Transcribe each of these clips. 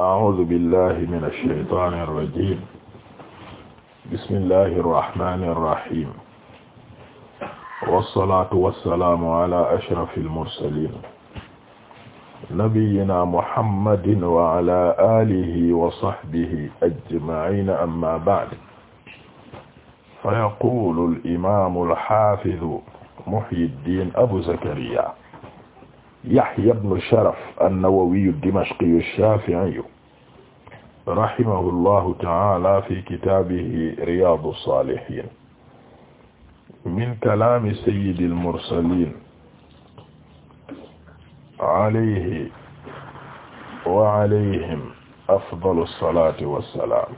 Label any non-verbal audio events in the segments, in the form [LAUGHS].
أعوذ بالله من الشيطان الرجيم بسم الله الرحمن الرحيم والصلاة والسلام على أشرف المرسلين نبينا محمد وعلى آله وصحبه أجمعين أما بعد فيقول الإمام الحافظ محي الدين أبو زكريا Yahya ibn Sharaf an-Nawawi ad-Dimashqi ash-Shafi'i rahimahu llahu ta'ala fi kitaabihi Riyaadu s-Saalihiin min kalaami sayyidil mursaliin alayhi wa alayhim afdalu s-salaati wa s-salaam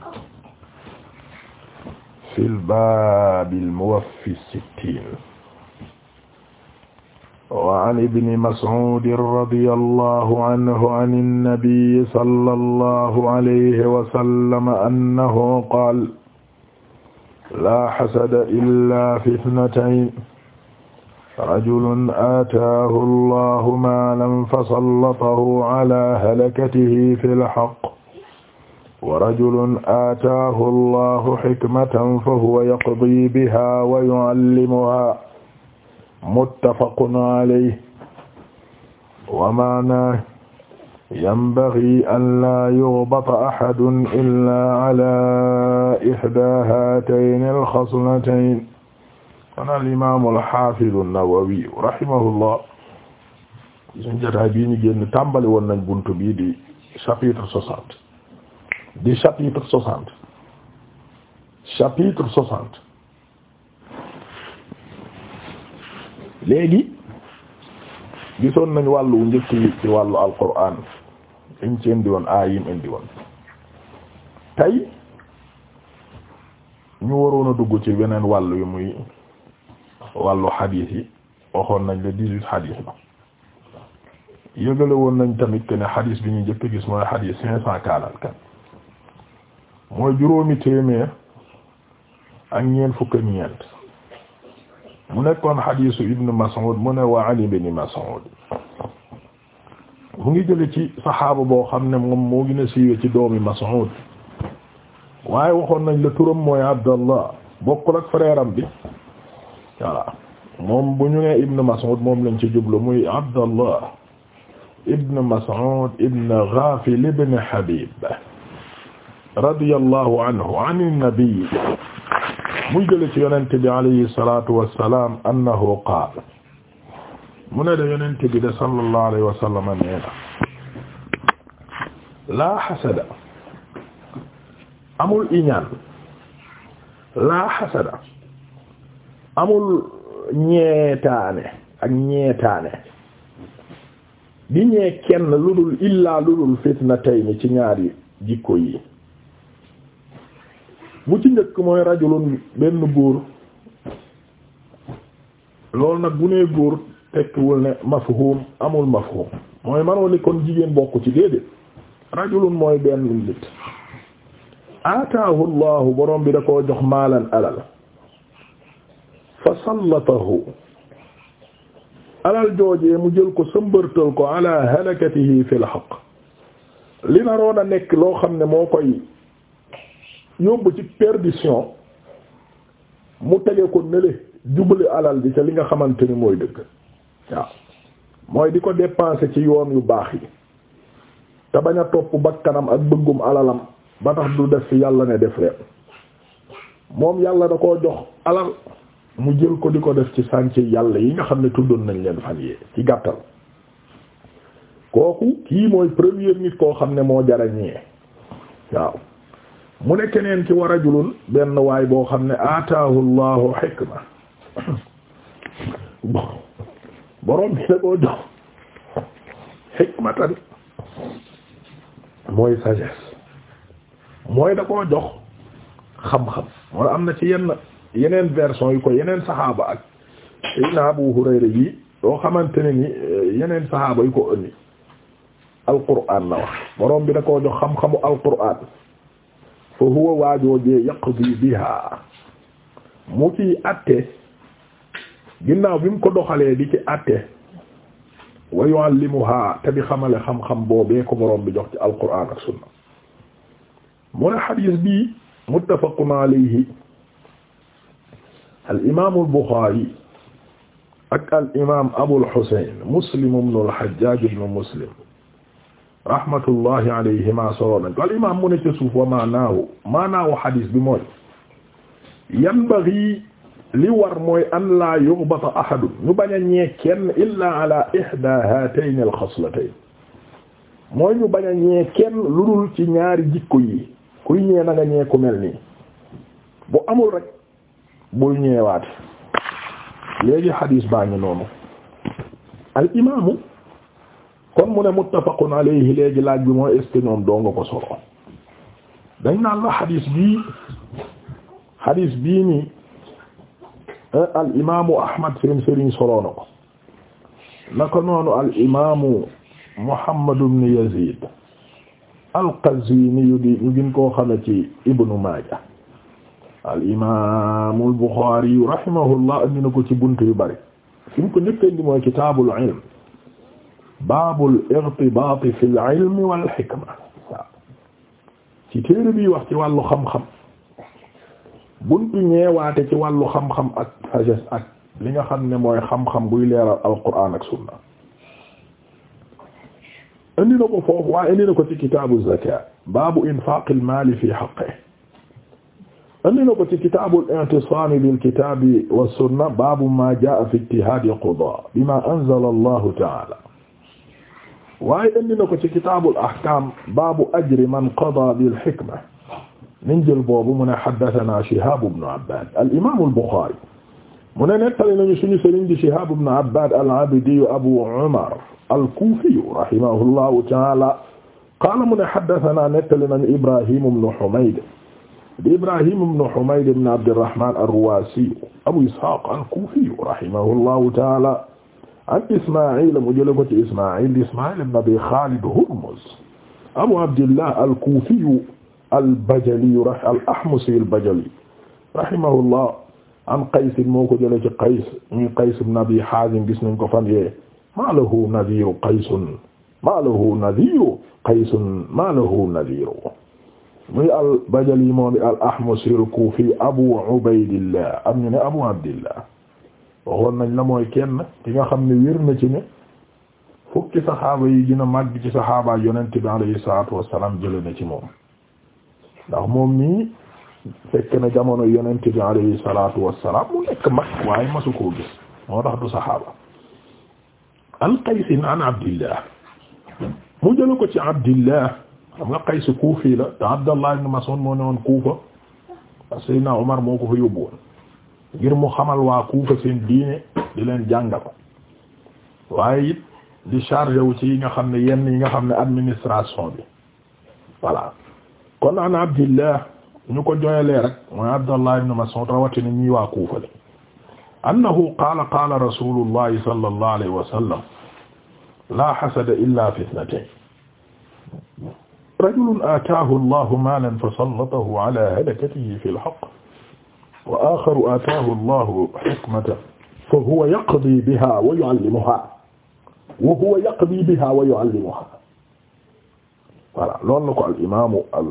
fil baabil muwaffi s-sittiin wa an ibni mas'uudin radiyallahu anhu an annabiyi sallallahu alayhi wa sallam annahu qaala laa xasada illaa fi ithnatayn rajulun aataahu allahu maalan fasallatahu alaa halakatihi fil haqq wa rajulun aataahu allahu xikmatan fahuwa yaqdii bihaa wa yu'allimuhaa muttafaqun alayhi wa maana yanbaghi an laa yughbata ahadun illaa alaa ihdaa haatayni al-khaslatayni qaala al-imaamu al-haafidu an-nawawi rahimahullah suñu jotaay bii ñu génn tàmbali woon nañ buntu bii di chapitre soixante di chapitre soixante chapitre soixante léegi gisoon nañ wàllu njëkk yi ci wàllu alquran liñ ci indi woon aay yim indi woon tey ñu waroon a dugg ci beneen wàll yi muy wàllu xadiis yi waxoon nañ le dix-huit xadiis la yëgale woon nañ tamit que ne xadiis bi ñu njëkk gis mooy xadiis cinq cent quarante-quatre mooy juróomi téeméer ak ñeent fukk ak ñeent mu nekkoon xadiisu ibnu Mas'ud mu ne wa Ali ibn Mas'ud mu ngi jële ci saxaaba boo xam ne moom moo gën a siiwe ci doomi Mas'ud waaye waxoon nañ la turam mooy Abdallah bokkul ak frère am bi voilà moom bu ñu nee ibnu Mas'ud moom lañ ci jublu muy Abdallah ibn Mas'ud ibn Ghafil ibn Habib radiyallahu anhu an an-nabi mu jële ci yonent bi alayhi salatu wassalam annahu qaala mu ne da yonent bi de sallallahu alayhi wa sallam nee laa xasada amul iñaan laa xasada amul ñeetaane ak ñeetaane di ñee kenn lu dul illaa lu dul fitnatayni ci ñaari jikko yi bu ci njëkk mooy rajulun benn góor loolu nag bu nee góor tekkiwul ne mafhum amul mafhum mooy manoo ni kon jigéen bokk ci déedéet rajulun mooy benn nit aataahu borom bi da koo jox maalan alal fa sallatahu alal joojee mu jël ko sëmbërtal ko ala halakatihi fil li naroon a nekk loo xam ne moo koy yóbbu ci perdition mu tege ko nële jubale alal bi ca li nga xamante ni mooy dëkk waaw mooy di ko dépenser ci yoon yu baax yi te bañ a topp kanam ak bëggum alalam ba tax du def ci yàlla ne def leen moom yàlla da koo jox alal mu jël ko di ko def ci ci yàlla yi nga xam ne tuddoon nañ leen fan yee ci gàttal kooku kii mooy premier nit koo xam ne moo jarañee waaw mu ne keneen ci wa rajulun benn waay boo xam ne ataahu llahu hikma borom bi da koo jox hikmatan mooy sagesse mooy da koo jox xam-xam wala am na ci yenn yeneen version yu ko yeneen saxaaba ak Seydina Abu Hurayra yi yoo xamante ne ni eh, yeneen saxaaba yu ko ëndi alquran la wax borom bi da koo jox xam-xamu alquran fa huwa waajoojee yaqdi biha mu ci atte ginnaaw bi mu ko doxalee di ci atte wa yuallimuha te xamale xam-xam boobee ko borom bi jox ci alquran ak sunna mu ne xadiis bii muttafaqun alayhi al imaamu al buxaari ak al imaam abul xuseyn muslim ibnu al xajjaaj ibnu muslim rahmatullahi alayhima solo nañ ko al imam mu ne ca suuf wa maanaahu maanaahu xadis bi mooy yanbaghi li war mooy an laa yughbata ahadun ñu bañ a ñee kenn illaa ala ihda hatayn al xaslatayn mooy ñu bañ a ñee kenn lu dul ci ñaari jikko yi kuy ñee na nga ñee ku mel nii bu amul rek bul ñeewaate léegi xadis baa ngi noonu al imaamu kon mu ne muttafaqun léegi laaj bi moo est noon que ñoom doo ko solo dañ naan la xadiis bii bii nii eh, al imaamu Ahmad seen sëriñ solo na ko naka noonu al imaamu Muhammad ibn Yazid al Qazwini yu di ñu gën koo xame ci Ibnu Maaja al imaamu al Buxaari rahimahullah indi na ko ci bunt yu bari fi mu ko njëkk indi mooy baabul irtibaat fi al-ilm wal hikma ci téere bi wax ci wàllu xam-xam buntu ñeewaate ci wàllu xam-xam ak sagesse ak li nga xam ne mooy xam-xam buy leeral alquran ak sunna indi na ko foofu waaye indi na ko ci kitaabu zakaat baabu infaaqil maali fi haqqihi indi na ko ci kitaabul i'tisaam bil kitaabi was sunna baabu maa jaa'a fi ijtihaadil qudaa bimaa anzala Allahu ta'aalaa waaye indi na ko ci kitaabul ahkaam baabu ajri man qadaa bil hikma niñ jël boobu mu ne haddasanaa Shihaab ibn Abbaad al-imaam al-Buxaari mu ne nettali nañu suñu sëriñ di Shihaab ibn Abbaad al-Abdi Abu Umar al-Kuufi rahimahullahu ta'aala qaala mu ne haddasanaa nettali nañu Ibraahiim ibn Humayd di Ibraahiim ibn Humayd ibn Abdirrahmaan ar-Ruwaasi Abu Ishaaq al-Kuufi rahimahullahu ta'aala an Ismaa'il mu jëlee ko ci Ismaa'il Ismaa'il ibn Abi Xaalid Hurmuz Abu Abdillah al-Kuufiyu al-Bajaliyu al-Ahmusi al-Bajali rahimahullah an Qays moo ko jëlee ci Qays min Qays ibn Abi Haazim gis nañ ko fan yee maa lahu nadiiru Qaysun maa lahu nadiiru Qaysun maa lahu nadiiru muy al-Bajali moo di al-Ahmusi al-Kuufi Abu Ubaydillah am ñu ne Abu Abdillah waxoon nañ la mooy kenn ki nga xam ne wér na ci ne fukki saxaaba yi dina màgg ci saxaabaa yonent bi alayhi salaatu wassalaam jële na ci moom ndax moom nii fekk na jamono yonent bi alayhi salaatu wassalaam mu nekk mag waaye masu koo moo tax du saxaaba an qaysin an ko ci abdillah xam nga la te abdallah ibn mas'ud moo ne woon kuufa Seydina Umar moo ko fa yóbbu woon ngir mu xamal waa Kuufa seen diine di leen jàngal waaye it di chargé wu ci yi nga xam ne yenn yi nga xam ne administration bi voilà kon an abdillah ñu ko jooyalee rek mooy abdallah ibn Mas'ud rawatina ñii waa Kuufa li annahu qaala qaala rasulullahi sallallahu alayhi wa sallam laa xasada illa fi ithnatayn rajulun aataahu allahu maalan fa sallatahu ala fi al haqq wa axaru ataahu allahu hikmata fa huwa yaqdi biha wa yuallimuha wa huwa yaqdi biha wa yuallimuha voilà loolu la ko al imaamu al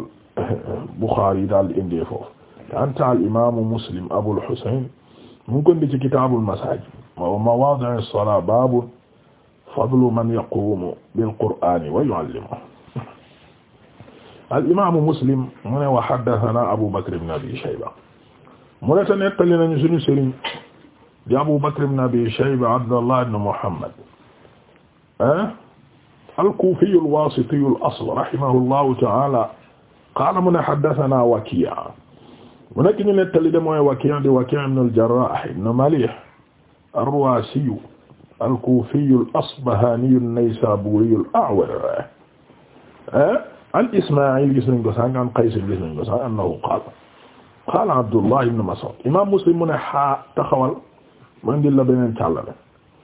Buxaari daal di indee foofu anta al imaamu Muslim Abul Husayn mu ngi ko indi ci kitaabul masaajid wa mawaadi'i s-salaat baabu fadlu man yaquumu bil qur'aani wa yuallimuhu al imaamu Muslim mu ne wa haddathanaa Abu Bakr ibn Abi Shayba mu ne te nettali nañu suñu sëriñ di Abu Bakr ibn Abi Shayba Abdallah ibn Muhammad al-Kufi al-Wasiti al-asl rahimahullahu ta'ala qaala mu ne haddathana Waki' mu nekk ñu nettali de mooy Waki' di Waki' ibn al-Jarrah ibn Malih ar-Ruwasi al-Kufi al-Asbahani an-Naysaburi al-A'war an Isma'il gis nañ ko sànq an Qays gis nañ ko sànq annahu qaala qaala Abdullah ibn Mas'ud imaam Muslim mu ne xaa taxawal ma indil la beneen càllale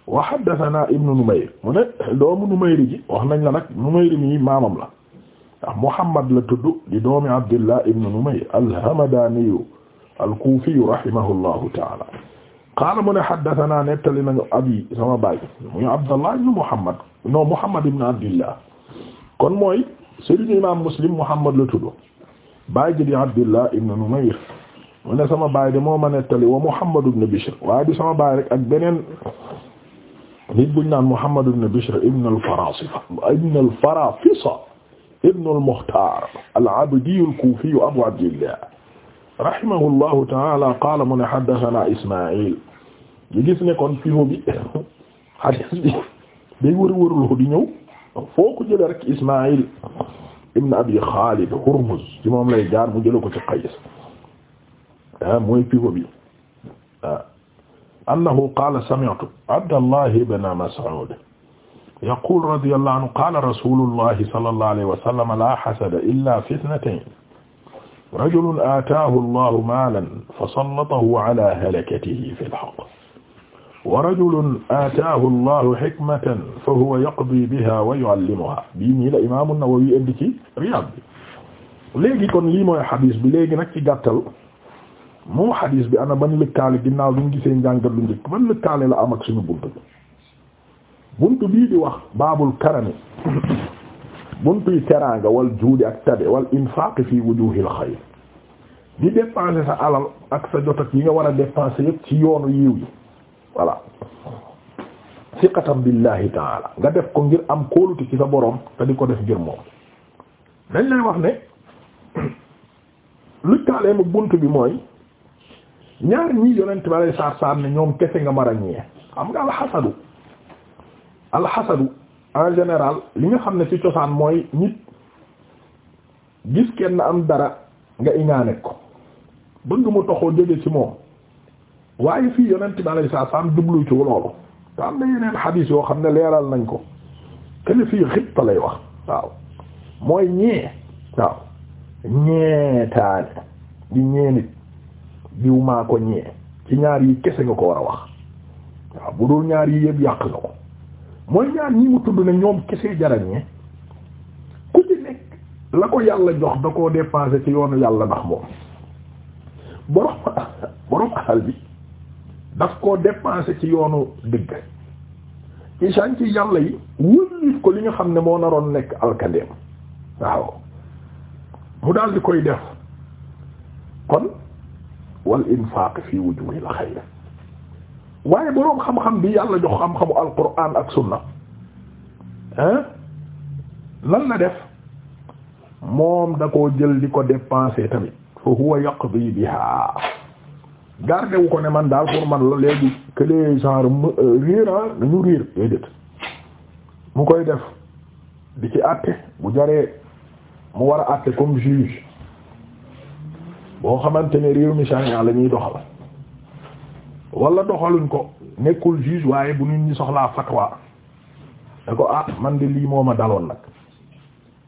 wa haddathana ibnu Numayr mu ne doomu Numayr ji wax nañ la nag Numayr mi maamam la ndax Muhammad la tudd di doomi Abdullah ibnu Numayr al-Hamadaniyu al-Kufiyu rahimahullahu ta'ala qaala mu ne haddathana nettali nañu abi sama baay muy Abdullah ibnu Muhammad non Muhammad ibnu Abdillah kon mooy sëriñ imaam Muslim Muhammad la tudd baay ji di Abdullah ibnu Numayr mu ne sama baay de moo ma nettali wa Muhammad ibn Bishr waaye du sama baay rek ak beneen nit buñ naan Muhammad ibn Bishr ibn al-Farasifa ibn al-Farafisa ibn al-Mukhtar al-Abdi al-Kufi Abu Abdillah rahimahullahu ta'ala qala mu ne haddathana Isma'il ñu gis ne kon fiho bi hadis bi day wër wërloo di ñëw foo ko jële rek Isma'il ibn Abi Khalid Hurmuz ci moom lay jaar mu jële ko ci Qays ah mooy pivot bi waaw ah annahu qaala sami'tu Abdallah ibn Mas'ud yaqul radiyallahu anhu qaala rasulullahi sallallahu alayhi wa sallam la hasada illa fi ithnatayn rajulun aataahu allahu maalan fasallatahu ala halakatihi fi al-haqq wa rajulun aataahu allahu hikmatan fahuwa yaqdi biha wa yu'allimuha bii nii la imaamu Nawawi indi ci Riyaad bi léegi kon lii mooy hadiis bi léegi nag ci gàttal moom xadiis bi ana ban lëkkaale ginnaaw lu ñu gisee njàngat lu njëkk ban lëkkaale la am ak suñu bunt bi bunt bii di wax baabul karami buntuy teraanga wal juudi ak tabe wal infaaq fi wujuhil xayr di dépenser sa alal ak sa jot yi nga war a dépenser yëpp ci yoonu yiw yi voilà siqatan billahi taala nga def ko ngir am kóolute ci sa boroom te di ko def ngir moom dañ lay wax ne lu mu bunt bi mooy ñaar ñii yonent ba lay saar saar ñoom kese nga mar a ñee xam nga alxasadu alxasadu en général li nga xam ne ci cosaan mooy nit gis kenn am dara nga iñaane ko bëgg mu toxoo jóge ci moom waaye fii yonent bi alayhi salaatu salaam jublu ci loolu te am na yeneen xadiis yoo xam ne leeral nañ ko kenn fii xitta lay wax waaw mooy ñee waaw ñeetaane di ñee nit diw maa ko ñee ci ñaar yi kese nga ko war a wax waaw bu dul ñaar yi yëpp yàq nga ko mooy ñaar ñi mu tudd na ñoom kese jarañee ku ci nekk la ko yàlla jox da koo dépensé ci yoonu yàlla ndax moom borom [LAUGHS] borom alal bi daf ko dépensé ci yoonu dëgg ci sànc yàlla yi wëllit ko li nga xam ne moo naroon nekk alkandeem waaw mu daal di koy def kon wal infaq fi wujuhil xayr waaye boroom xam-xam bi yàlla jox xam-xamu alquran ak sunna hein lan la def moom da koo jël di ko dépenser tamit fa huwa yaqdi biha garde wu ko ne man daal pour man la léegi que les genre réer a nañu réer déedéet mu koy def di ci àtte bu jaree mu war a àtte comme juge boo xamante ne réew mi charia la ñuy doxal wala doxaluñ ko nekkul juge waaye bu nit ñi soxlaa fatwa da ko ah man di lii moo ma daloon nag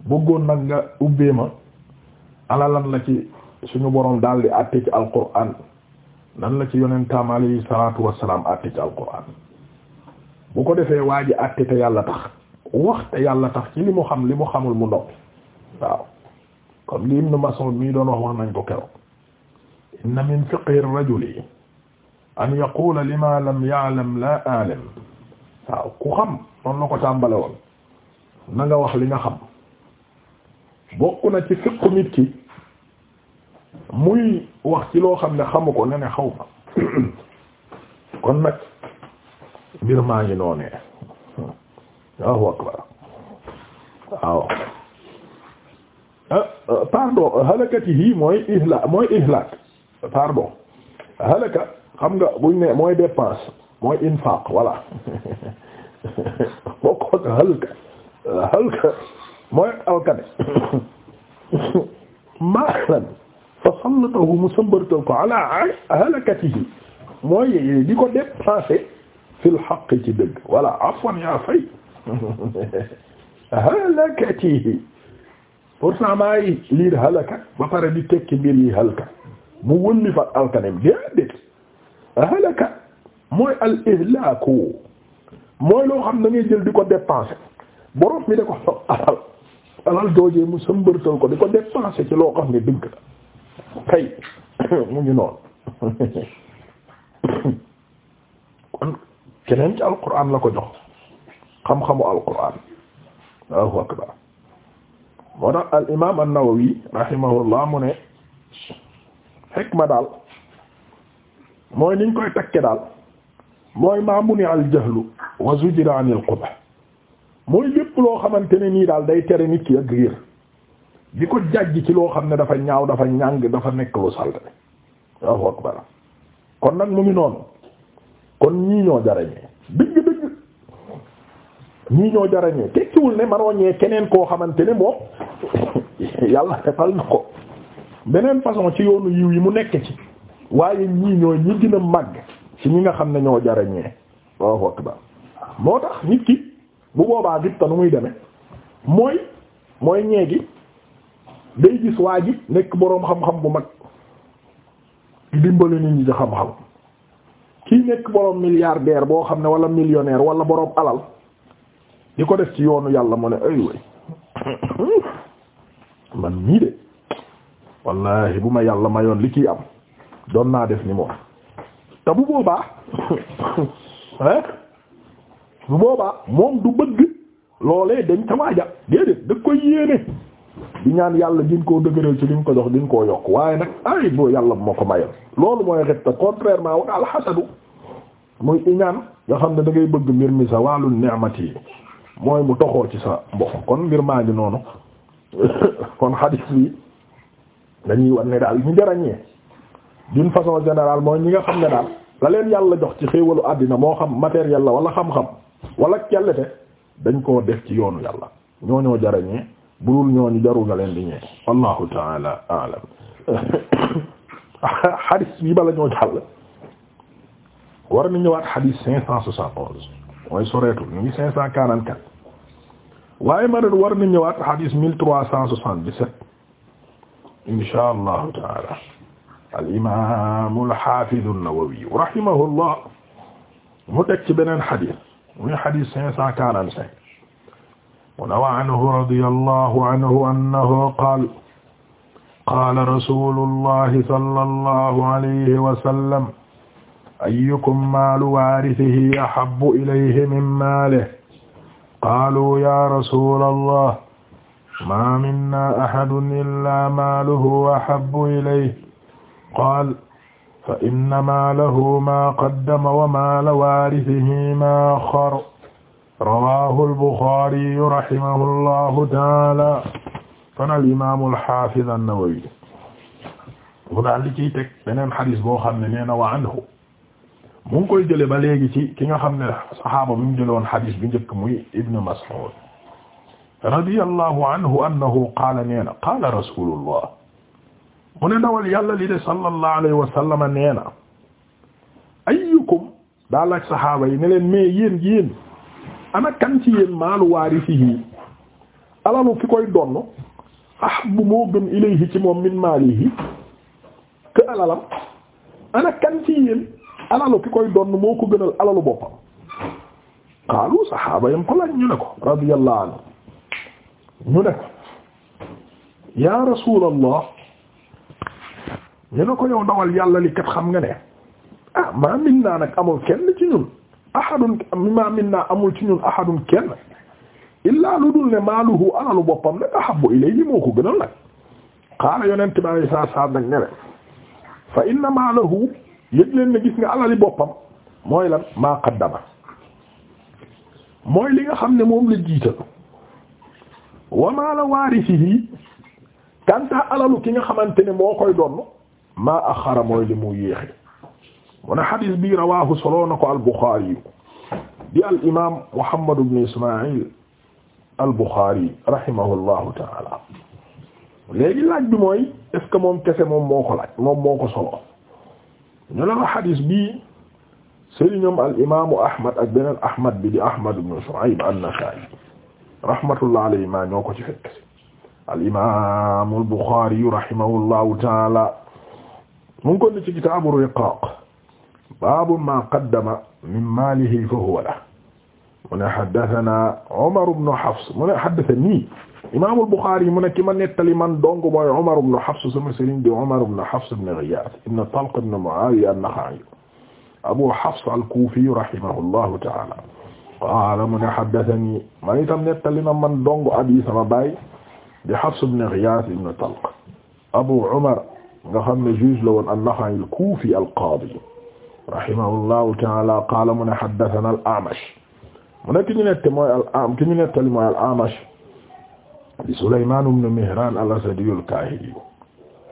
bëggoon nag nga ubbee ma alalan la ci suñu boroom daal di àtte ci alquran nan la ci yonentam alayhi salaatu wassalaam àtte ci alquran bu ko defee waa ji àtte te yàlla tax wax te yàlla tax ci li mu xam li mu xamul mu ndox waaw comme li Ibn Mas'ud nii doon wax wax nañ ko keroog inna min fiqhi rajuli an yaqula lima lam ya'lam la alam ku xam noonu la ko tàmbale na nga wax li nga xam bokk na ci fiqhu nit ki muy wax ci loo xam ne xamu ko ne ne xaw ma [COUGHS] kon nag mbir maa ngi noonee waaw akbar waaw ah, pardon mooy ihla mooy ihlak pardon halaka xam nga buñ ne mooy dépense mooy infaq voilà [LAUGHS] bokkoog halaka halaka mooy alkane [COUGHS] maalan fa sallatahu mu sëmbartal ko ala halakatihi mooy di ko dépensé fil haqq ci dëgg voilà afwan yaa fay [LAUGHS] halakatihi pourtant maay liir halaka ba pare di tekki mbir yi halaka mu wëlli fa alkanem déedéet halaka mooy al ihlaaku mooy loo xam na ngay jël di ko dépenser borom mi da ko soog alal alal mu sëmbërtal ko di ko dépenser ci loo xam ne dëgg la kay [COUGHS] mu ngi noonu [COUGHS] kon keneen ci alquran la ko jox xam-xamu alquran Allahu moo tax al imaam an-Nawawi rahimahullah mu ne xikma daal mooy niñ koy takke daal mooy maa muni al wa zujira anil qubah mooy lépp loo xamante ne nii daal day tere nit ki ak riir di ko jàjj ci loo xam ne dafa ñaaw dafa ñàng dafa nekk lu salte kon nag mu ngi noonu kon ñii ñoo jarañee dëgg dëgg ñii ñoo jarañee tekkiwul ne manoo keneen koo xamante ne moom [COUGHS] yàlla defal na ko beneen pason ci yoonu yiw yi mu nekk ci waaye ñii ñooy ñi gën a màgg ci ñi nga xam ne ñoo jarañee waaw akbar moo tax nit ki bu boobaa gis ta nu muy demee mooy mooy ñeegi day gis waa nekk boroom xam-xam bu mag dimbali nit ñi ci xam-xam kii nekk boroom milliardaire boo xam ne wala millionnaire wala boroom alal di ko def ci yoonu yàlla mu ne ay way man mii de wallahi bu ma yàlla mayoon li ciy am doon naa def ni moom te bu boobaa [COUGHS] hein bu boobaa moom du bëgg loolee dañ ca waaja déedéet da koy yéene di ñaan yàlla gin koo dëgëral ci liñ ko dox gën koo yokk waaye nag ay boo yàlla bu ma ko mayoon loolu mooy retta contrairement wak alxasadu muy iñaan nga xam ne dangay ngay bëgg mbir mi sa wàllu ni'mati yi mooy mu toxoo ci sa mbokk kon mbir maa ngi noonu [COUGHS] kon xadis bi dañuy war ne daal ñu jarañee d'une façon générale mooy ñi nga xam ne daal la leen yàlla jox ci xéewalu àddina moo xam matériel la wala xam-xam wala kellete dañ ko def ci yoonu yàlla ñoo ñoo jarañee budul ñoo ñu jarul nga leen di ñee wallahu taala alam xadis [COUGHS] bi bala ñoo jàll war nañu ñëwaat xadis cinq cent soixante onze mooy soreetul ñu ngi cinq cent quarante-quatre waaye ma war nañu ñëwaat xadis mille cent soixante dix insha allahu taala al imaamu al xaafidu an-Nawawi rahimahullah mu teg ci beneen xadis muy xadis cinq cent quarante cinq mu ne wa anhu radiyallahu anhu annahu qaala qaala rasuulullahi sallallahu alayhi wa sallam ayyukum maalu waarisihi ahabbu ilayhi min maalihi qaaluu yaa rasuulallah ma minna ahadun illaa maaluhu ahabbu ilayhi qaal fa inna maalahu maa qaddama wa maala waarisihi maa axxara rawaahu al-Buxaariyu rahimahullahu taala kon al-imaamul haafiz an-Nawawi mu daal li ciy teg beneen xadis boo xam ne nee na wa anhu mu ngi koy jëlee ba léegi ci ki nga xam ne saxaaba bi mu jëlee woon xadis bi njëkk muy Ibn Mas'ud radiyallahu anhu annahu qaala neena qaala rasulullah mu ne dawal yàlla li de sallallahu alayhi wa sallam neena ayyukum daal ak saxaaba yi ne leen mais yéen yéen ana kan ci yéen maalu waarisihi alalu ki koy donn ahbu moo gën ilayhi ci moom min maalihi ke alalam ana kan ci yéen alalu ki koy donn moo ko gënal alalu boppam qaalu saxaaba yam ko lañ ñu ne ko radiyallahu anhu ñu ne ko yaa rasuulallah ñu ne ko yow dawal yàlla li kat xam nga ne ah maa min naa nag amul kenn ci ñun ahadun maa min naa amul ci ñun ahadun kenn illaa lu dul ne maaluhu alalu boppam nag ahabbu ilayhi moo ko gënal nag xaala ne leen fa inna maalahu yëg leen ne gis nga boppam mooy lan maa qaddama mooy li nga xam ne moom la jiital wa maala waarisihi kanta alalu ki nga xamante ne moo koy donn maa axara mooy li mu yéexe wana xadis bi rawaahu soloo na ko al-Buxaari yu di al imaam Muhammad ibn Ismaa'il al-Buxaari rahimahullahu taala léegi laaj bi mooy est moom kese moom moo ko laaj moom moo la la xadis bii sëriñam al imaamu Ahmad ak beneen Ahmad bi di Ahmad ibn Shu'ayb an-Nasaa'i rahmatullah alayhima ñoo ko ci fekk al imam al Bukhari rahimahullahu taala mu ngi kon ci kitaabu riqaaq baabu ma qaddama min maalihi fa huwa lahu mu ne haddathana Umar ibn Hafs mu ne haddathani imam al Bukhari mu ne ki ma nettali man dong mooy Umar ibn Hafs sama sëriñ di Umar ibn Hafs ibn Ghiyath ibn Talq ibn Muawiya an-Nakha'i Abu Hafs al-Kufi rahimahullahu taala qaala mu ne haddathanii man itam nettali na man dong abi sama baay di Hafs ibn Ghiyath ibn Talq Abu Umar nga xam ne juge la woon an-Nakha'i al-Kufi al-Qadi rahimahullahu ta'ala qaala mu ne haddathana al-A'mash mu ne ki ñu nette mooy al-A'mash ki ñu nettali mooy al-A'mash di Sulaymaan ibn Mihraan al-Asadi al-Kaahili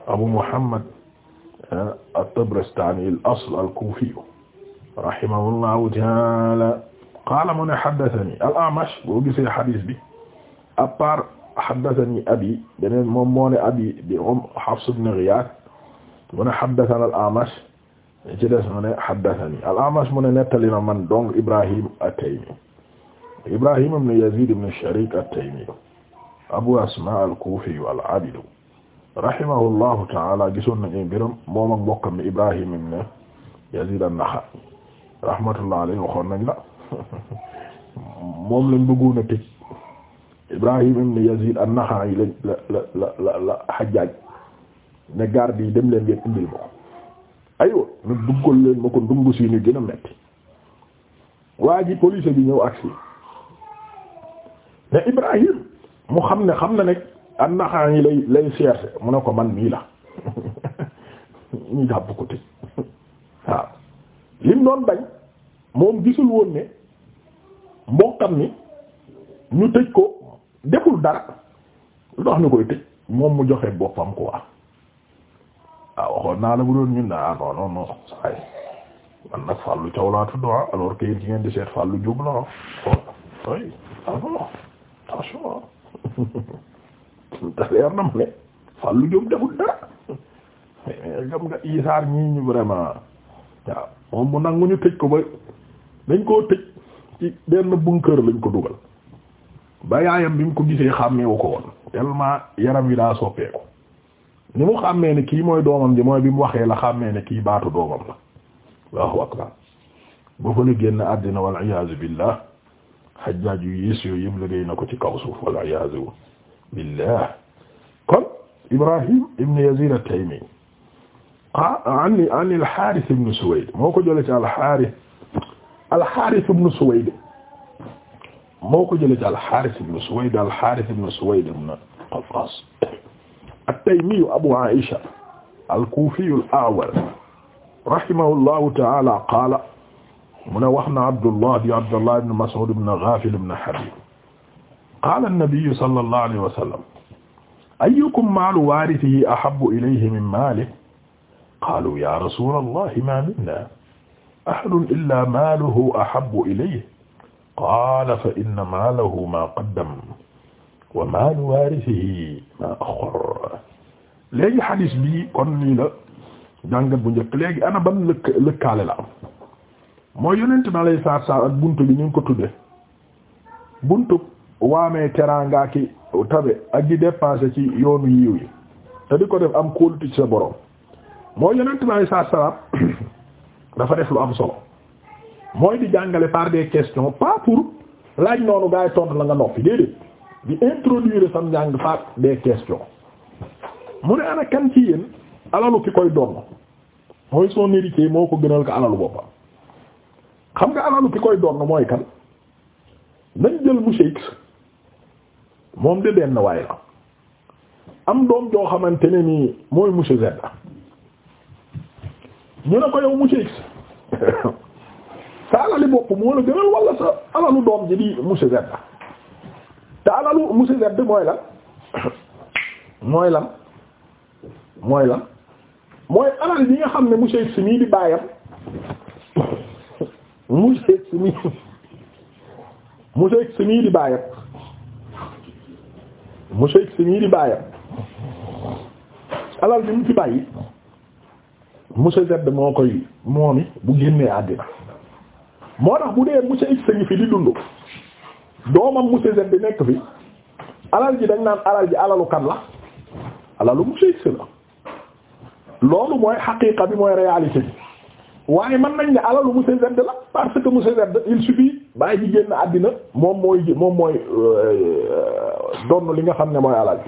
Abu Muhammad eh, at-Tabaristani al-asl al-Kufi rahimahullahu ta'ala qaala mu ne haddathani al-A'mash boo gisee hadis bi à part haddathani abi beneen moom moo ne abi di moom Hafs ibn Ghiyath mu ne haddathana al-A'mash ci des mu ne haddathani al-A'mash mu ne nettali na man donc Ibrahim at-Taymi Ibrahim ibn Yazid ibn Sharik at-Taymi Abu Asma al-Kufi al-Abid rahimahullahu ta'ala gisoon nañu mbiram moom ak mbokkam Ibrahim ibn Yazid an-Nakha'i rahmatullahi alayhi waxoon nañ la [LAUGHS] moom lañ bëggoon a tëj Ibrahim ibn Yazid an-Nakha'i la la la la la Hajjaj ne garde yi dem leen ngeen indil ma ko aywa ñu duggal leen ma ko ndungu si ñu metti waa ji police bi ñëw agsi ne Ibrahim mu xam ne xam na ne naxaan yi lay lay chercher mu ne ko man mii la [LAUGHS] ñu jàpp ko tëj [LAUGHS] waaw lim doon bañ. moom gisul woon ne mbokkam ni ñu tëj ko deful dara lu tax ñu koy tëj moom mu joxe boppam quoi waaw waxoon naa la bu doon ñun ah non non non ay man nag Fallou Thiaw laa tudd ah, alors que yéen ci ngeen di seet Fallou Diop la ah, ah, ah. [LAUGHS] na ma ne Fallou deful dara mais gam nga mu nangu ñu tëj ko ba. dañ koo tëj ci benn bunker lañ ko dugal ba yaayam bi mu ko gisee xàmmeewu ko woon tellement yaram wi daa soppeeku ni mu xàmmee ne kii mooy doomam ji mooy bi mu waxee la xàmmee ne kii baatu doomam la Allahu akbar ba fa la génn àddina wal iyaazu billah xajjaaj yu yées yooyu yëpp liggéey na ko ci kaw suuf wal iyaazu billah kon Ibrahim ibn Yazid at-Taymi ah an al ibn Suwayd moo ko jëlee ci al alxaaris ibnu Suwayd moo ko jëlee ci alxaaris ibnu Suwayd alxaaris ibnu Suwayd ibnu Qafqaas at-Taymiyu Abu Aïcha al-Kuufiyu al-A'war rahimahullahu ta'ala qaala mu ne wax na Abdullah di Abdullah ibn Mas'ud ibn Ghafil ibn Habib qaala an-nabiyyu sallallahu alayhi wa sallam ayyukum maalu waarithihi ahabbu ilayhi min maalihi qaalu ya rasulallah ma minna ahadun illaa maaluhu ahabbu ilayhi qaala fa inna maalahu qaddam wa maalu waarisihi maa axxar léegi xadis bi kon lii la jàngat bu njëkk léegi ana ban lëkk la am mooy yonent bi alayhi salaatu salaam ak buntu bi ñu ko tudde buntu waamee teraanga ki tabe ak di ci yoonu yiw yi te di ko def am kóolute ci sa borom mooy yonent bi alayhi dafa def lu am solo mooy di jàngale par des question pas pour laaj noonu gaay tontu la nga noppi déedéet di introduire sam njàng par des questions mu ne ana kan ci yéen alalu ki koy doon mooy son héritier moo ko gënal ko alalu boppam xam nga alalu ki koy doon mooy kan nañ jël monsieur X moom de benn waay la am doom joo xamante ne nii mooy monsieur Z ñu ne ko yow monsieur X [LAUGHS] sa alali bopp moo la gënal wala sa alalu doom ji di monsieur Z te alalu monsieur Z mooy lan [COUGHS] mooy lan mooy la mooy alal bi nga xam ne monsieur X mii di bàyyam [COUGHS] monsieur X mii [COUGHS] monsieur X mii di bàyyam monsieur X mii di bàyyam alal bi mu fi bàyyi monsieur Z moo koy moomi bu génnee àddina moo tax bu dee monsieur X ngi fi di dund doomam monsieur Z bi nekk fi alal ji dañ naan alal ji alalu kan la alalu monsieur X la loolu mooy xaqiiqa bi mooy réalité bi waaye man nañ ne alalu monsieur Z la parce que monsieur Z il suffit bàyyi ji génn àddina moom mooy moom mooy euh, donn li nga xam ne mooy alal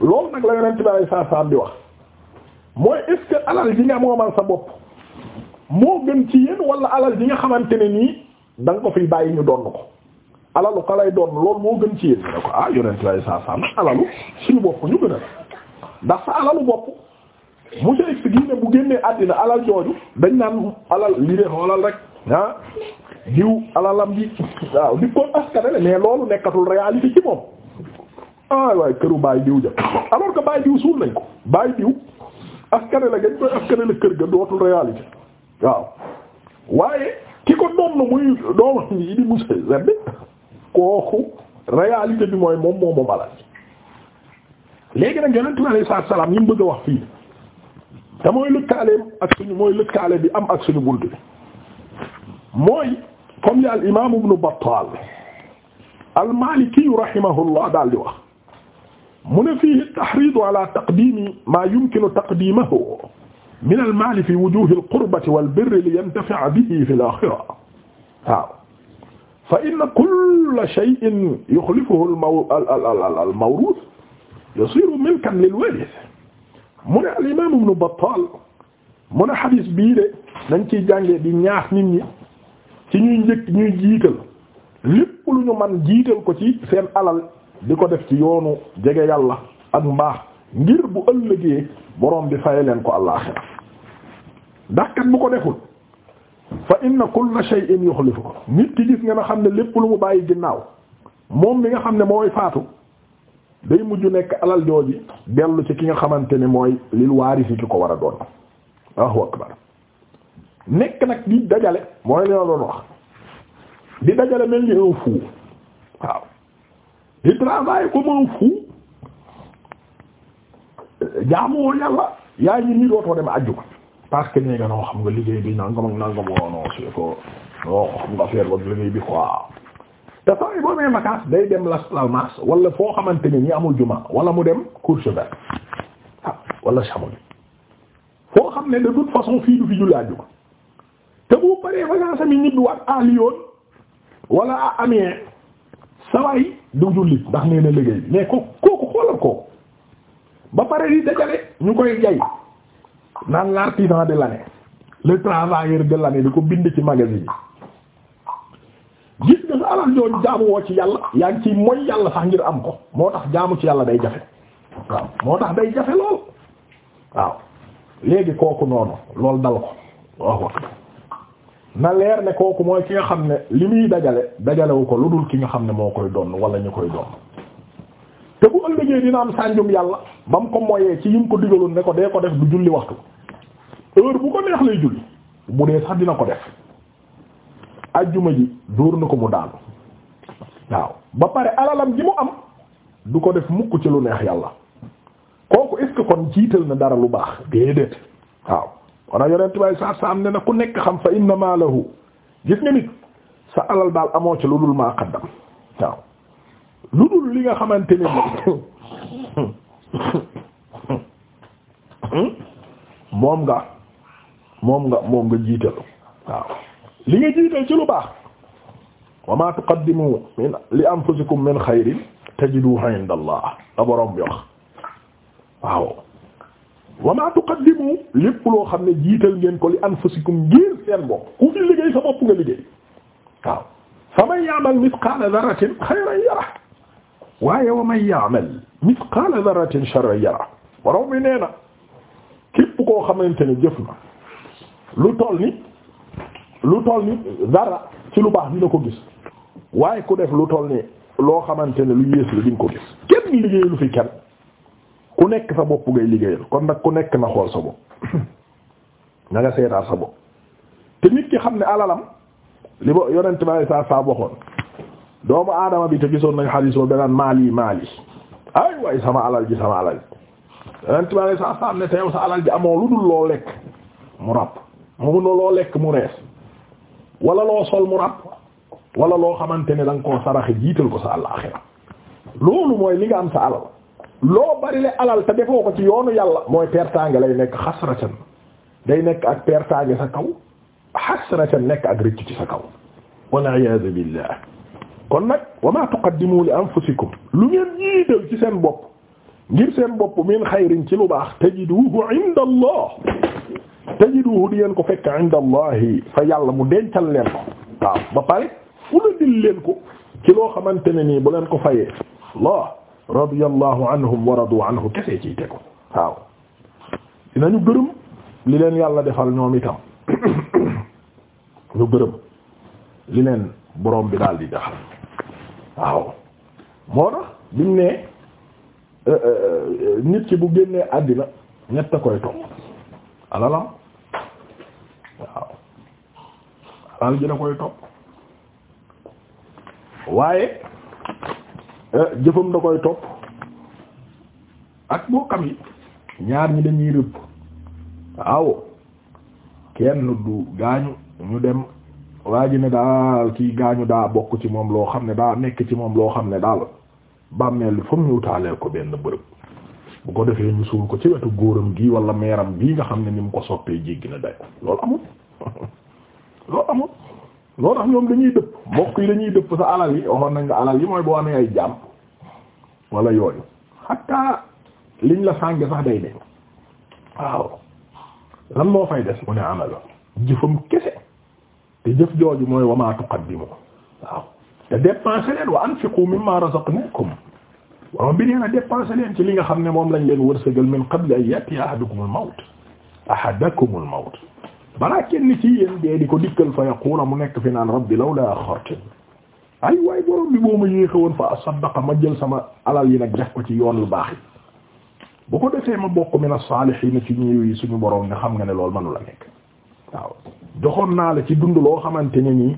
loolu nag la yonent bi alayhi salaam di wax mooy est-ce que alal ji nga moomal sa bopp moo gën ci yéen wala alal ji nga xamante ne nii da nga ko fiy bàyyi ñu donn ko alalu ka lay doon loolu moo gën ci yéen ne ko ah yonent lay saa saa alalu suñu bopp ñu gën a ndax sa alalu bopp monsieur X gii ne bu génnee àddina alal jooju dañ naan alal li de xoolal rek ah diw alalam ji waaw di kon askanele mais loolu nekkatul réalité ci moom ah waaye këru baay diw ja alors que baay diw suul nañ ko baay diw askane a gañ koy askane la kër ga dootul réalité waaw waaye ki ko doon na muy doomam yi di monsieur Zedd bi mooy moom moom moom alal léegi salaam ñu mu bëgg wax fii te mooy lëkkaaleem ak bi am ak suñu bunt bi mooy comme li al imaam ibnu Battaal al Maaliki rahimahullah daal di wax mu ne fiihi tahriidu ala taqdiimi maa yumkinu taqdiimahu min al-maali fi wujuuhi al-qurbati wal-birri liyantafi'a bihi fi al-aaxira waaw fa inna kulla shay'in yuxlifuhu al-mawruus yasiiru milkan lil-waaris mu ne al-imaam ibnu Battaal mu ne xadiis bii de dañ ciy jàngee di ñaax nit ñi ci ñuy njëkk ñuy jiital lépp lu ñu mën jiital ko ci seen alal. di ko def ci yoonu jege yàlla ak mbaax ngir bu ëllëgee borom bi faye leen ko àllaaxira ndax kat bu ko deful fa inna kulla shay'in yukhlifu ko nit ki gis nga na xam ne lépp lu mu bàyyi ginnaaw moom mi nga xam ne mooy faatu day mujj nekk alal jooji dellu ci ki nga xamante ne mooy lil waarisi ki ko war a doon Allahu akbar nekk nag di dajale mooy li la wax di dajale mel ni un fou waaw il travaille comme un fou jaamuwoo yàlla yaa ngi nii dootoo dem àjjuma parce que nee noo xam nga liggéey bi nangam ak nangam woo oh, non c'est que non xam nga affaire boobu liggéey bi quoi. te saa yi boo nee day dem Las Palmas wala foo xamante ni amul juma wala mu dem Courchevel ah wala Chamonix foo xam ne de toute façon fii du fi julli àjjuma te bu paree vacances mi ñibbiwaat à Lyon wala à Amiens. sawaay du jullit ndax nee na liggéey mais ko kooku xoolal ko ba pare di dajale ñu koy jay naan l'artisan de l'année le travailleur de l'année di ko bind ci magazine gis nga sa alal jooju jaamu woo ci yàlla yaa ngi ci mooy yàlla sax ngir am ko moo tax jaamu ci yàlla day jafe waaw moo tax day jafe lool waaw léegi kooku noonu loolu dal ko waaw na leer ne kooku mooy ki nga xam ne li muy dajale dajalewu ko lu dul ki nga xam ne moo koy doon wala ñu koy doon te bu ëllëgee dina am sànjum yàlla ba mu ko moyee ci yim ko digaloon ne ko dee ko def du julli waxtu heure bu ko neex lay julli bu dee sax dina ko def ajjuma ji dóor na ko mu daanu waaw ba pare alalam ji mu am du ko def mukk ci lu neex yàlla kooku est-ce kon jiital na dara lu baax déedéet waaw wana yonent bay sa saam ne na ku nekk xam fa inna ma lahu gis nga nit sa daal amoo ci lu qaddam waaw lu dul li nga xamante ne moom nga moom nga moom nga jiital waaw ci lu baax wa ma tuqaddimu min li anfusikum min xayrin tajiduhu inda allah da borom bi wax wa ma tuqaddimu lépp loo xam ne jiital ngeen ko li anfusikum ngir seen bopp ku fi liggéey sa bopp nga liggéey waaw fa man ya'mal mithqala dharratin khayran yara waaye wa man ya'mal mithqala dharratin sharran yara borom bi nee na képp koo xamante ne jëf na lu toll ni lu toll ni dara ci lu baax dina ko gis waaye ku def lu toll ni loo xamante ne lu yées la di nga ko gis kenn liggéey lu fi kenn ku nekk sa bopp ngay liggéeyal kon nag ku nekk na xool sa bopp [CLEARS THROAT] na nga seetaat sa bopp te nit ki xam ne alalam li ba yonent ba saa saa bi te gisoon nañ xadiis ba beneen maali maali ay waay sama alal ji sama alal ji yonent ba saa saa am ne te yow sa alal ji amoo lu dul loo lekk mu ràpp mu mun loo lekk mu rees wala loo sol mu ràpp wala loo xamante ne da nga koo saraxe jiital ko sa àllaaxira loolu mooy li nga am sa alal loo bari le alal te defoo ko ci yoonu yàlla mooy pertange lay nekk xasratan day nekk ak pertange sa kaw xasratan nekk ak rëcc ci sa kaw wal iyaadu billah kon nag wa ma tuqaddimu li anfusikum lu ngeen jiital ci seen bopp ngir seen bopp min xayrin ci lu baax tajiduhu inda allah tajiduhu di ngeen ko fekk inda allah fa yàlla mu dencal leen ko waaw ba pare fu la dil leen ko ci loo xamante ne nii bu leen ko fayee allah radiyallahu anhum wa radu anhu kese ciy tegu waaw dinañu gërëm li leen yàlla defal ñoom itam ñu gërëm li leen borom bi daal di defal waaw moo tax bi mu euh, euh, nit ki bu génnee àddina ñett a koy topp alalam waaw alal koy topp waaye Eh, jëfam da koy topp ak bokkam yi ñaar ñi dañuy rëbb waaw kenn du gaañu ñu dem waa ji ne daal kii gaañu daa bokk ci moom loo xam ne daa nekk ci moom loo xam ne daal bàmmeel bi foog ñu utaaleel ko benn bërëb bu ko defee ñu suul ko ci wetu góoram gi wala meeram bii nga xam ne ni mu ko soppee jéggi na day loolu amul [LAUGHS] loolu amul loo tax ñoom lañuy dëpp mbokk yi dañuy dëpp sa alal yi waxoon nañ nga alal yi mooy boo amee ay jàmm wala yooyu xatta liñ la sànge sax day deñ waaw lan moo fay des mu ne amalo jëfam kese te jëf jooju mooy wa ma tuqaddimu waaw te dépenser leen wa anfiqu mimma razaqnakum waaw bi nee na dépenser leen ci li nga xam ne moom lañ leen wërsëgal min qabli an yatiya ahadakumul mawt ahadakumul mawt balaa kenn ci yéen dee di ko dikkal fa yaqula mu nekk fi naan rabbi lawla axartani ay waay borom bi boo ma yéexe woon fa asaddaqa ma jël sama alal yi nag def ko ci yoon lu baax yi bu ko defee ma bokk min as-saalihiin ci ñëw yi suñu borom nga xam nga ne loolu manu la nekk waaw joxoon naa la ci dund loo xamante ne nii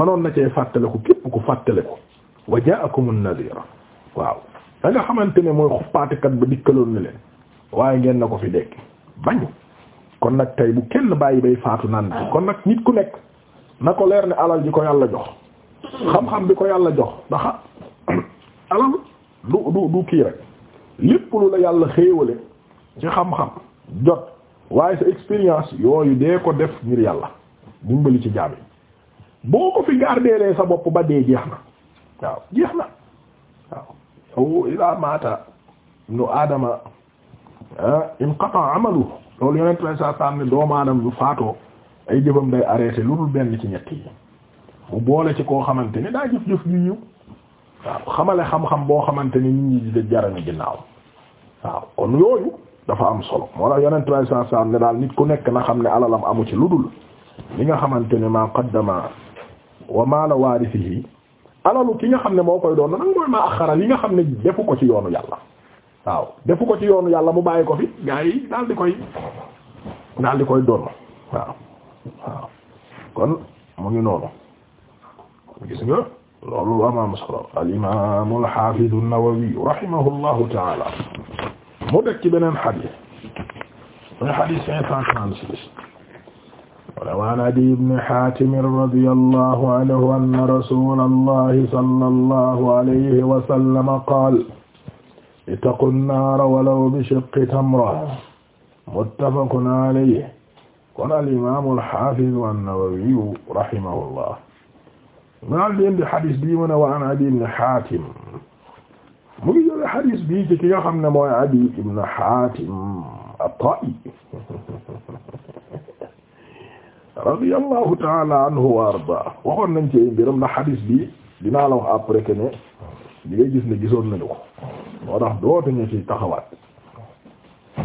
manoon na cee fàttale ko képp fàttale ko wa ja'akumu an-nadiir waaw da nga xamante ne mooy xuppaatikat ba dikkaloon ni leen waaye ngeen na ko fi dekk bañ kon nag tey bu kenn bàyyi bay faatu naan kon nag nit ku nekk na ko leer ne alal ji ko yàlla jox xam-xam bi ko yàlla jox ndax [CLEARS THROAT] alal du du du kii rek lépp lu la yàlla xéewale ci xam-xam jot waaye sa expérience yooyu dee ko def ngir yàlla dimbali ci jaabi boo ko fi gardeelee sa bopp ba dee jeex na waaw jeex na waaw yow ilaa maata nu aadama ah, in qata amalu loolu yonent bi saa saam ne doomu aadama bu faatoo ay jëfam day arrêté lu dul benn ci ñett yi mu boole ci koo xamante ni daa jëf jëf ju yiw waaw xamale xam-xam boo xamante ni nit ñi di jarañu ginnaaw waaw kon yooyu dafa am solo moo tax yonent bi saa am ne daal nit ku nekk na xam ne alalam amu ci lu dul li nga xamante ne maa qaddama wa maala waarisihi alalu ki nga xam ne moo koy doon nag mooy maa axara li nga xam ne defu ko ci yoonu yàlla waaw defu ko ci yoonu yàlla mu bàyyi ko fi gaa yi daal di koy daal di koy doon waaw waaw kon mu ngi noonu gis nga loolu amaam solo al imam al hafiz an-Nawawi rahimahullahu ta'ala mu dëkk ci beneen hadith muy hadith cinq cent trente-six وعن أبي بن حاتم رضي الله عنه أن رسول الله صلى الله عليه وسلم قال ittaqu nnaara walaw bishiqqi tamra muttafaqun alayhi kon alimamu alhafidu annawawiyu rahimahullah maal di indi xadis bii mu ne wa an Adiy ibn Haatim mu ngi jële xadis bii ci ki nga xam ne mooy Adiy ibn Haatim at-Taa'i radiyallahu ta'ala anhu wa ardaa waxoon nañ ci mbiram ndax xadis bi dinaa la wax après que ne li ngay gis ne gisoon nañu ko moo tax dootuñu ci taxawaat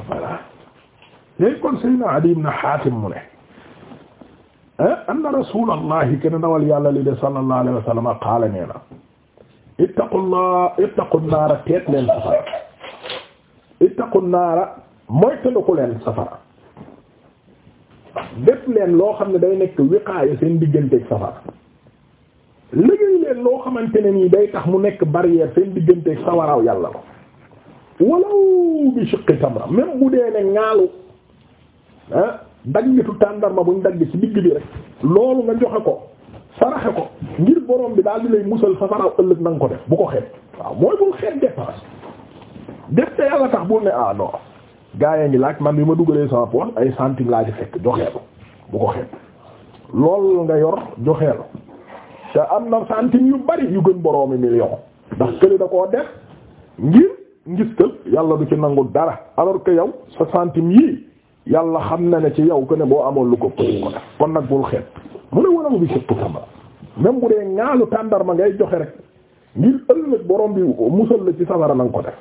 voilà léegi kon Seydina Adi ibn Hatim mu ne ah, anna rasulallahi ken dawal yàlla li de sallallahu alayhi wa sallam qaala nee na ittaqullah ittaqu naara leen safara ittaqu naara mooy tëndaku leen safara def leen loo xam ne day nekk wiqaaya seen digganteeg safara liggéey leen loo xamante ne nii day tax mu nekk barrière seen digganteeg sawaraaw yàlla la walaw bi shiqqi tamra même bu dee ne ŋaalu ah tàndarma buñ dagg ci digg bi rek loolu nga joxe ko saraxe ko ngir borom bi daal di lay musal sawaraaw ëllëg na ko def bu ko xet waaw mooy bul xeeb dépense def te yàlla tax bul ne ah non gaa ngi laaj man bi ma dugalee sama poche ay centimes laa ci fekk joxeel bu ko xeeb loolu nga yor joxeel. sa am na centime yu bari yu gën boroomi million ndax kële da koo def ngir ngis tël yàlla du ci nangu dara alors que yow sa centime yii yàlla xam na ne ci yow que boo amoon lu ko përi ko def kon nag bul xeet mu ne walaw bi sëpp sama même bu dee ñaalu ma ngay joxe rek ngir ëllëg borom bi musal la ci safara nanga ko def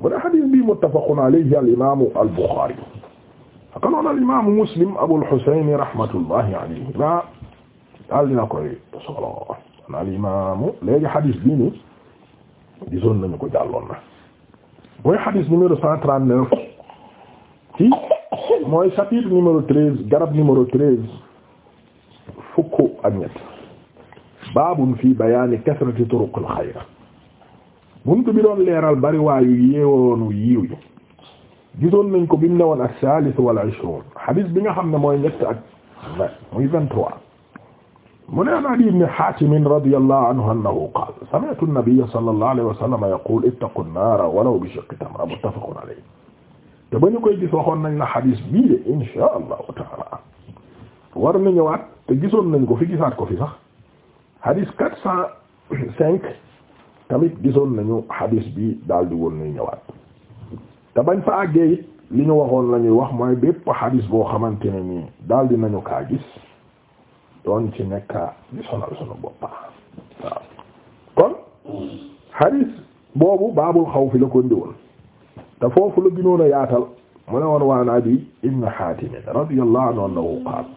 bu dee xadiis bii muttafaqun alayhi al imaamu al buxaari akanoon al imaamu muslim abul xuseyn rahmatullahi alayhi daal dina koy solo an al imaamu léegi xadis bii nii nañu ko jàlloon na mooy xadis numéro cent neuf mooy chapitre numéro treize garab numéro treize fukk ak ñett baabun fii bayaani kasrati turuqil xayr bunt bi doon leeral bari waayu yeewoonu yiiw yi gisoon nañ ko bi mu newoon ak wal ishruun xadis bi nga xam ne mooy ñett ak vingt muy vingt mu ne an Adiy ibn Haatim radiyallahu anhu annahu qaala sami'tu an-nabiyya sallallahu alayhi wa sallam yaqulu ittaqu an-naara walaw bi shiqqi tamra muttafaqun alayhi te ba ñu koy gis waxoon nañ la xadiis bi de inshaa Allahu taala war na ñëwaat te gisoon nañ ko fi gisaat ko fi sax xadiis quatre cent tamit gisoon nañu xadiis bi daal di woon nañ ñëwaat te bañ fa àggee li ñu waxoon la ñuy wax mooy bépp xadiis boo xamante ne nii daal di nañu kaa gis doon ci nekka di sonal sunu boppa waaw kon hadis boobu baabul xawfi la ko ndiwoon te foofu la gënoon a yaatal mu ne woon waan abi ibn Hatim radiyallahu anhu annahu qaala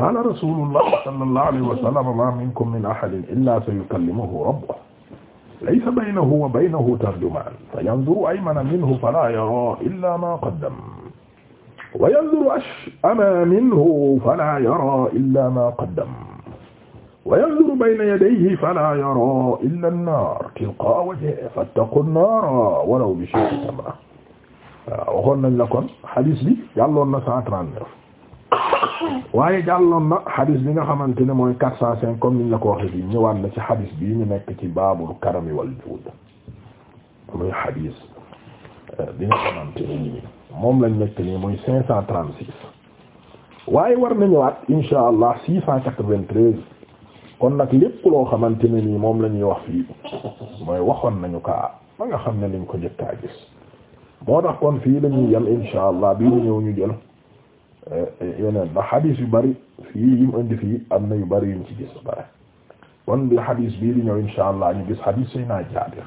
qaala rasulullah sallallahu alayhi wa sallam ma minkum min ahadin illa sayukallimuhu rabbuhu laysa baynahu wa baynahu tarjumaan fayanzuru aymana minhu fala yara illa ma qaddam wa yanzuru ash'ama minhu fala yara illa ma qaddam wa yanzuru bayna yadayhi fala yara illa an-nar tilqaa wajhihi fattaqu an-nara walaw bi shay'in tamra waaw waxoon nañ la kon hadis bi jàlloon na cent trente-neuf waaye jàlloon na hadis bi nga xamante ne mooy quatre cent cinq comme niñ la ko waxee fii ñëwaat na ci hadis bii ñu nekk ci baabul karami wal juud muy hadis bi euh, moom lañ nekk nii mooy cinq cent trente waaye war nañu waat insha allah six cent quatre kon nag lépp loo xamante ne nii moom lañuy wax fii mooy waxoon nañu kaa ba nga xam ne liñ ko jëkkaa gis moo tax kon fii la ñuy yem insha allah bii di ñëw ñu jël euh, yeneen ba xadiis yu bari fii yim indi fii am na yu bari yuñ ci gis bare kon bi xadiis bii di ñëw insha allah ñu gis xadiis say naa Jaabir